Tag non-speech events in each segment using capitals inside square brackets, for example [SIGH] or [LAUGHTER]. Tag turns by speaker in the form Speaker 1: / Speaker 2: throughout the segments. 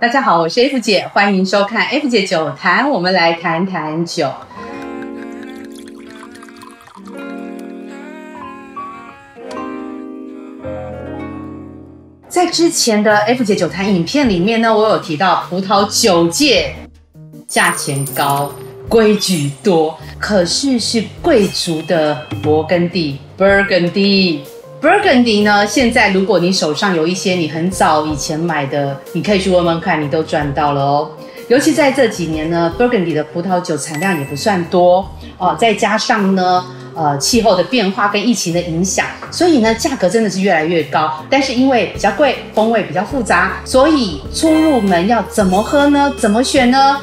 Speaker 1: 大家好，我是 F 姐，歡迎收看 F 姐酒談。我們來談談酒。在之前的 F 姐酒談影片裡面呢，我有提到葡萄酒界，價錢高，規矩多，可是是貴族的勃艮地、Burgundy Burgundy 呢，現在如果你手上有一些你很早以前買的，你可以去問問看，你都賺到了哦。尤其在這幾年呢，Burgundy 的葡萄酒產量也不算多哦，再加上呢，呃，氣候的變化跟疫情的影響，所以呢，價格真的是越來越高。但是因為比較貴，風味比較複雜，所以初入門要怎麼喝呢？怎麼選呢？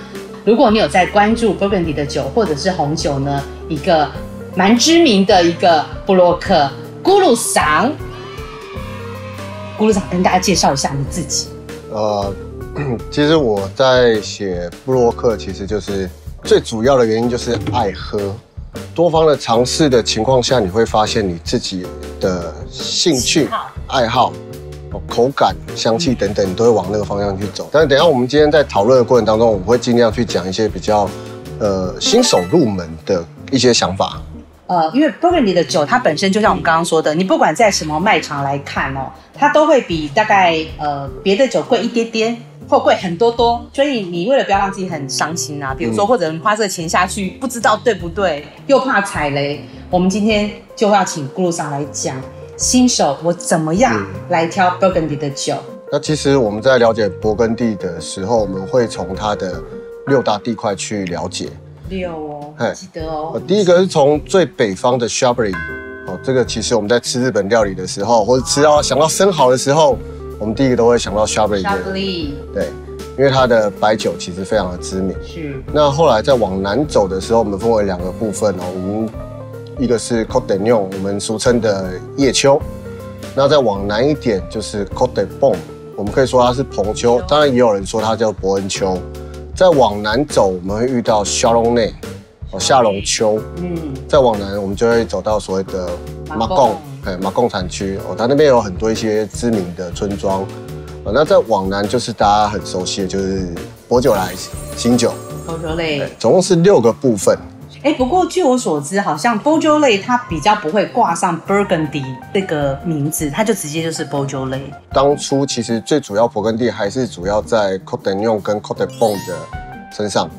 Speaker 1: 如果你有在關注 Burgundy 的酒或者是紅酒呢，一個蠻知名的一個部落客。咕嚕桑，咕嚕桑，跟大家介
Speaker 2: 紹一下你自己。呃，其實我在寫部落客，其實就是最主要的原因就是愛喝。多方的嘗試的情況下，你會發現你自己的興趣、愛好、口感、香氣等等，你都會往那個方向去走。嗯、但是等一下我們今天在討論的過程當中，我們會盡量去講一些比較呃新手入門的一些想法。嗯
Speaker 1: 呃，因為勃艮第的酒，它本身就像我們剛剛說的、嗯，你不管在什麼賣場來看哦，它都會比大概呃別的酒貴一點點或貴很多多。所以你為了不要讓自己很傷心吶、啊，比如說或者花這個錢下去不知道對不對，嗯、又怕踩雷，我們今天就要請咕嚕桑來講，新手我怎麼樣來挑勃艮第的酒、嗯。
Speaker 2: 那其實我們在了解勃艮第的時候，我們會從它的六大地塊去了解。哦、記得哦、呃。第一個是從最北方的 Chablis、嗯、哦，這個其實我們在吃日本料理的時候，或者吃到、啊、想到生蠔的時候、嗯，我們第一個都會想到 Chablis。Chablis。對，因為它的白酒其實非常的知名。是。那後來再往南走的時候，我們分為兩個部分哦，我、嗯、們一個是 Côte de Nuits，我們俗稱的夜丘。那再往南一點就是 Côte de Beaune，我們可以說它是蓬丘、哦，當然也有人說它叫伯恩丘。再往南走，我們會遇到夏隆內、哦，夏隆丘。嗯，再往南，我們就會走到所謂的馬貢，哎，馬貢產區哦，它那邊有很多一些知名的村莊。那再往南，就是大家很熟悉的，就是薄酒來新酒。薄酒來總共是六個部分。
Speaker 1: 哎，不過據我所知，好像薄酒來它比較不會掛上 Burgundy 這個名字，它就直接就是薄酒來。
Speaker 2: 當初其實最主要勃艮第還是主要在 Côte de Nuits 跟 Côte de Beaune 的身上，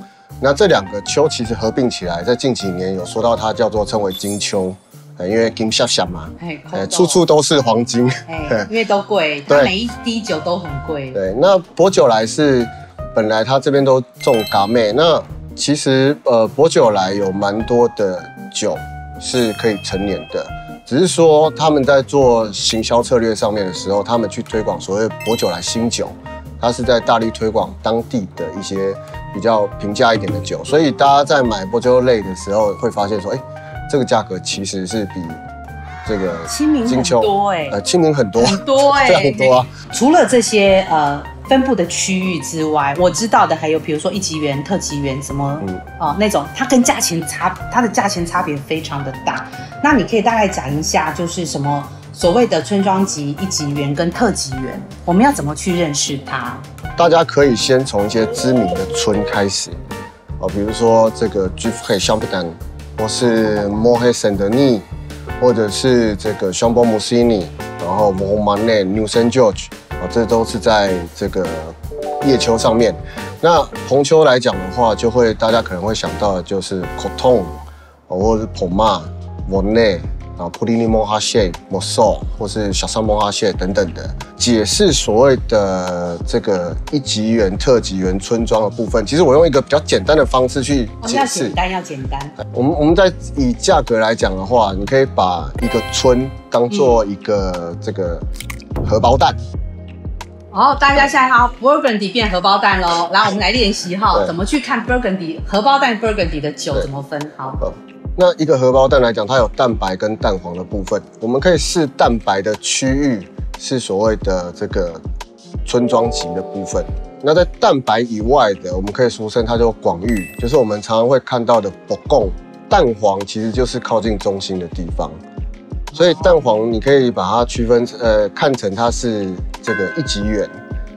Speaker 2: 那這兩個丘其實合併起來，在近幾年有說到它叫做稱為金丘，因為金閃閃嘛，哎，哎，處處都是黃金，哎，
Speaker 1: 因為都貴，哎，它每一滴酒都
Speaker 2: 很貴。對，對，那薄酒來是本來它這邊都種 Gamay 那。其實，呃，薄酒萊有蠻多的酒是可以陳年的，只是說他們在做行銷策略上面的時候，他們去推廣所謂薄酒萊新酒，它是在大力推廣當地的一些比較平價一點的酒，所以大家在買薄酒萊的時候會發現說，哎，這個價格其實是比這個親民金秋多、欸、呃，親民很多很很多、欸、多啊，除了這些呃。分布的區
Speaker 1: 域之外，我知道的還有，比如說一級園、特級園，什麼啊、嗯哦、那種，它跟價錢差，它的價錢差別非常的大。那你可以大概講一下，就是什麼所謂的村莊級、一級園跟特級園，我們要怎麼去認識它？
Speaker 2: 大家可以先從一些知名的村開始，哦，比如說這個 Gevrey-Chambertin，或是 Morey-Saint-Denis 或者是這個 Chambolle-Musigny 然後 Romanée Nuits-Saint-Georges。哦，這都是在這個夜丘上面。那紅丘來講的話，就會大家可能會想到的就是 Corton 或者是 Pommard，Vone，然後 Puligny-Montrachet，Mosso，或是夏山 Montrachet 等等的。解釋所謂的這個一級園、特級園、村莊的部分，其實我用一個比較簡單的方式去解釋，我要簡單，要簡單。我們我們在以價格來講的話，你可以把一個村當做一個這個荷包蛋。
Speaker 1: 好，大家下一哈，Burgundy 變荷包蛋嘍。來，我們來練習哈、哦，怎麼去看 Burgundy 荷包蛋 Burgundy
Speaker 2: 的酒怎麼分。好，那一個荷包蛋來講，它有蛋白跟蛋黃的部分。我們可以試蛋白的區域是所謂的這個村莊級的部分。那在蛋白以外的，我們可以俗稱它叫廣域，就是我們常常會看到的 Bourgogne。蛋黃其實就是靠近中心的地方，所以蛋黃你可以把它區分，呃，看成它是。這個一級園，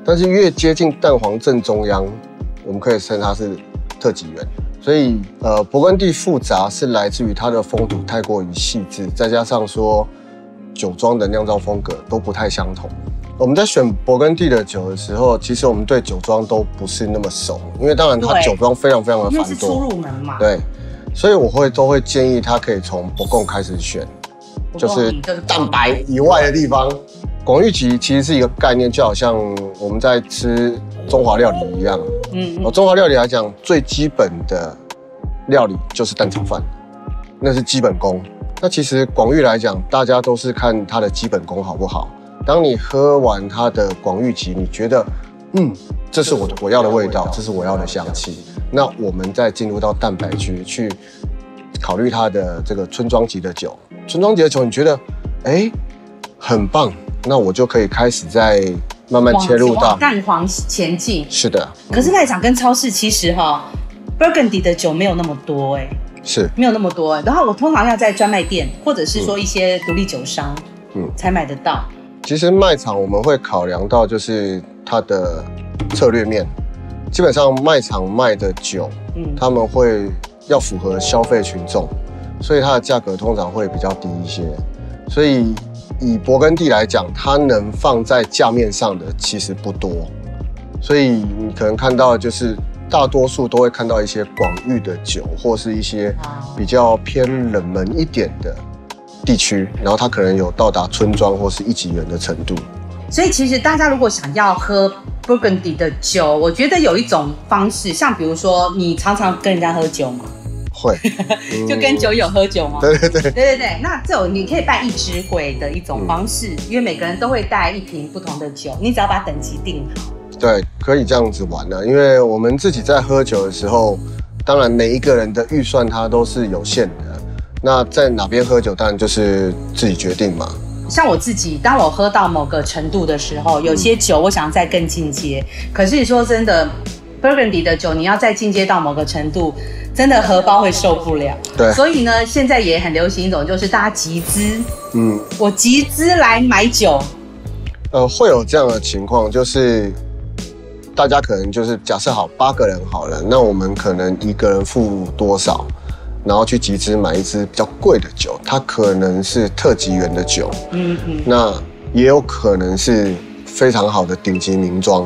Speaker 2: 但是越接近蛋黃正中央，我們可以稱它是特級園。所以，呃，勃艮地複雜是來自於它的風土太過於細緻，再加上說酒莊的釀造風格都不太相同。我們在選勃艮地的酒的時候，其實我們對酒莊都不是那麼熟，因為當然它酒莊非常非常的繁多。對，因為是初入門嘛。對，所以我會都會建議他可以從勃艮開始選，就是蛋白以外的地方。廣域級其實是一個概念，就好像我們在吃中華料理一樣。嗯，嗯，中華料理來講，最基本的料理就是蛋炒飯，那是基本功。那其實廣域來講，大家都是看它的基本功好不好。當你喝完它的廣域級你覺得，嗯，這是我的我要的味道，這是我要的味道，這是我要的香氣。嗯。那我們再進入到蛋白區去考慮它的這個村莊級的酒，村莊級的酒你覺得，哎、欸，很棒。那我就可以開始在慢慢切入到
Speaker 1: 蛋黃前進，
Speaker 2: 是的。嗯、
Speaker 1: 可是賣場跟超市其實哈、哦，Burgundy 的酒沒有那麼多哎、欸,是沒有那麼多哎、欸。然後我通常要在專賣店或者是說一些獨立酒商，嗯，才買得到、嗯。
Speaker 2: 其實賣場我們會考量到就是它的策略面，基本上賣場賣的酒，嗯，他們會要符合消費群眾，所以它的價格通常會比較低一些，所以。以勃艮地來講，它能放在架面上的其實不多，所以你可能看到的就是大多數都會看到一些廣域的酒，或是一些比較偏冷門一點的地區，然後它可能有到達村莊或是一級園的程度。
Speaker 1: 所以其實大家如果想要喝勃艮地的酒，我覺得有一種方式，像比如說你常常跟人家喝酒嘛。
Speaker 2: 會， [LAUGHS] 就跟酒
Speaker 1: 友喝酒嗎？嗯。對對對，對對對。那這種你可以辦一支會的一種方式，嗯，因為每個人都會帶一瓶不同的酒，你只要把等級定好。
Speaker 2: 對，可以這樣子玩呢、啊。因為我們自己在喝酒的時候，當然每一個人的預算它都是有限的。那在哪邊喝酒，當然就是自己決定嘛。
Speaker 1: 像我自己，當我喝到某個程度的時候，有些酒我想再更進階，嗯，可是你說真的。Burgundy 的酒，你要再進階到某個程度，真的荷包會受不了。對，所以呢，現在也很流行一種，就是大家集資，
Speaker 2: 嗯，
Speaker 1: 我集資來買酒。
Speaker 2: 呃，會有這樣的情況，就是大家可能就是假設好八個人好了，那我們可能一個人付多少，然後去集資買一支比較貴的酒，它可能是特級園的酒，嗯嗯，那也有可能是非常好的頂級名莊，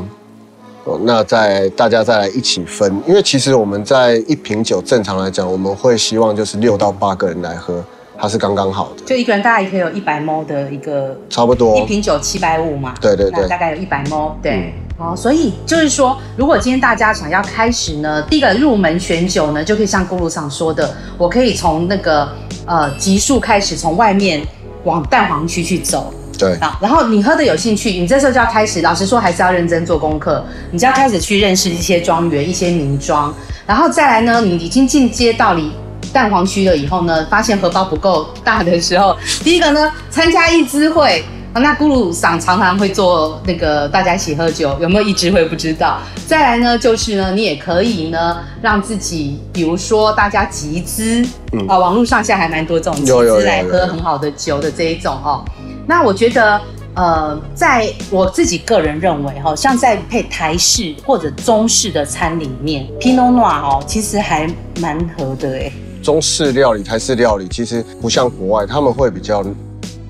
Speaker 2: 那再大家再來一起分，因為其實我們在一瓶酒正常來講，我們會希望就是六到八個人來喝，它是剛剛好的。
Speaker 1: 就一個人大概也可以有一百 ml 的一個，
Speaker 2: 差不多一瓶
Speaker 1: 酒七百五嘛。對對對，大概有一百 ml。對，好，所以就是說，如果今天大家想要開始呢，第一個入門選酒呢，就可以像咕嚕桑說的，我可以從那個呃級數開始，從外面往蛋黃區去走。對，然後你喝的有興趣，你這時候就要開始。老實說，還是要認真做功課。你就要開始去認識一些莊園、一些名莊。然後再來呢，你已經進階到你蛋黃區了以後呢，發現荷包不夠大的時候，第一個呢，參加一支會。那咕嚕桑常，常常會做那個大家一起喝酒，有沒有一支會不知道？再來呢，就是呢，你也可以呢，讓自己比如說大家集資、嗯、啊，網絡上現在還蠻多這種集資來喝很好的酒的這一種哦。有有有有有有有那我覺得，呃，在我自己個人認為，哈，像在配台式或者中式的餐裡面 Pinot Noir 哦，其實還蠻合的哎。
Speaker 2: 中式料理、台式料理，其實不像國外，他們會比較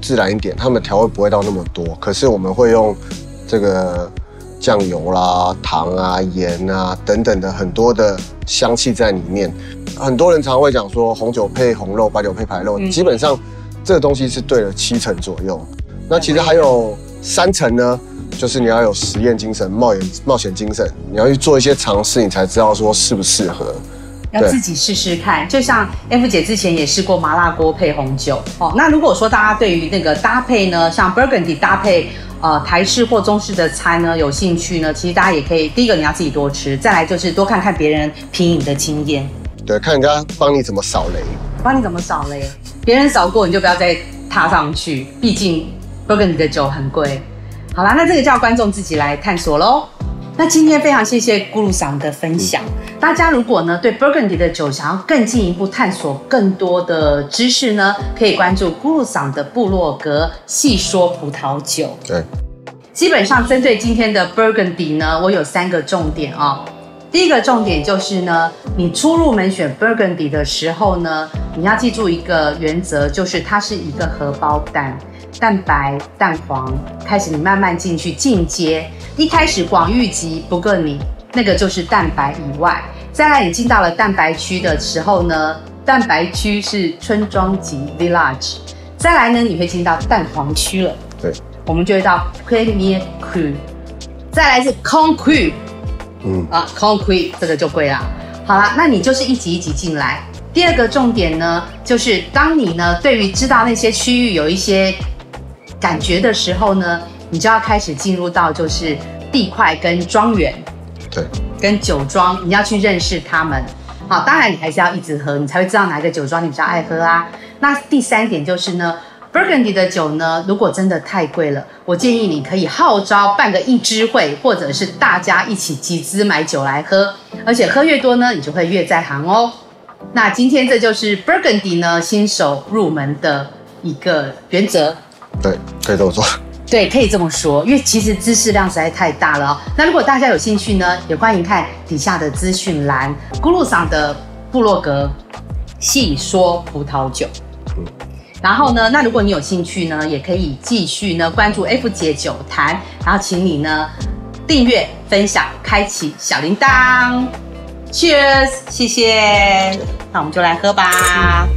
Speaker 2: 自然一點，他們調味不會到那麼多。可是我們會用這個醬油啦、啊、糖啊、鹽啊等等的很多的香氣在裡面。很多人常會講說，紅酒配紅肉，白酒配白肉、嗯，基本上。這個東西是對了七成左右，那其實還有三成呢，就是你要有實驗精神、冒險冒險精神，你要去做一些嘗試，你才知道說適不適合。要自己
Speaker 1: 試試看，就像 F 姐之前也試過麻辣鍋配紅酒。哦，那如果說大家對於那個搭配呢，像 Burgundy 搭配呃台式或中式的餐呢，有興趣呢，其實大家也可以，第一個你要自己多吃，再來就是多看看別人品飲的經驗。
Speaker 2: 對，看人家幫你怎麼掃雷。
Speaker 1: 幫你怎麼掃雷？別人掃過你就不要再踏上去，畢竟 Burgundy 的酒很貴。好啦，那這個叫觀眾自己來探索嘍。那今天非常謝謝咕嚕桑的分享。大家如果呢對 Burgundy 的酒想要更進一步探索更多的知識呢，可以關注咕嚕桑的部落格《戲說葡萄酒》。對，基本上針對今天的 Burgundy 呢，我有三個重點哦。第一個重點就是呢，你初入門選 Burgundy 的時候呢，你要記住一個原則，就是它是一個荷包蛋，蛋白、蛋黃。開始你慢慢進去進階，一開始廣域級不夠你，那個就是蛋白以外。再來你進到了蛋白區的時候呢，蛋白區是村莊級 Village。再來呢，你會進到蛋黃區了。對，我們就會到 Premier Cru，再來是 Grand Cru。嗯啊，Concrete 這個就貴啦。好了，那你就是一級一級進來。第二個重點呢，就是當你呢對於知道那些區域有一些感覺的時候呢，你就要開始進入到就是地塊跟莊園，對，跟酒莊，你要去認識他們。好，當然你還是要一直喝，你才會知道哪一個酒莊你比較愛喝啊。那第三點就是呢。Burgundy 的酒呢，如果真的太貴了，我建議你可以號召半個一支會，或者是大家一起集資買酒來喝，而且喝越多呢，你就會越在行哦。那今天這就是 Burgundy 呢，新手入門的一個原則。
Speaker 2: 對，可以這麼說。
Speaker 1: 對，可以這麼說，因為其實知識量實在太大了哦。那如果大家有興趣呢，也歡迎看底下的資訊欄，咕嚕桑的部落格，戲說葡萄酒。嗯然後呢，那如果你有興趣呢，也可以繼續呢，關注 F 姐酒談，然後請你呢訂閱、分享、開啟小鈴鐺。Cheers，謝謝。那我們就來喝吧。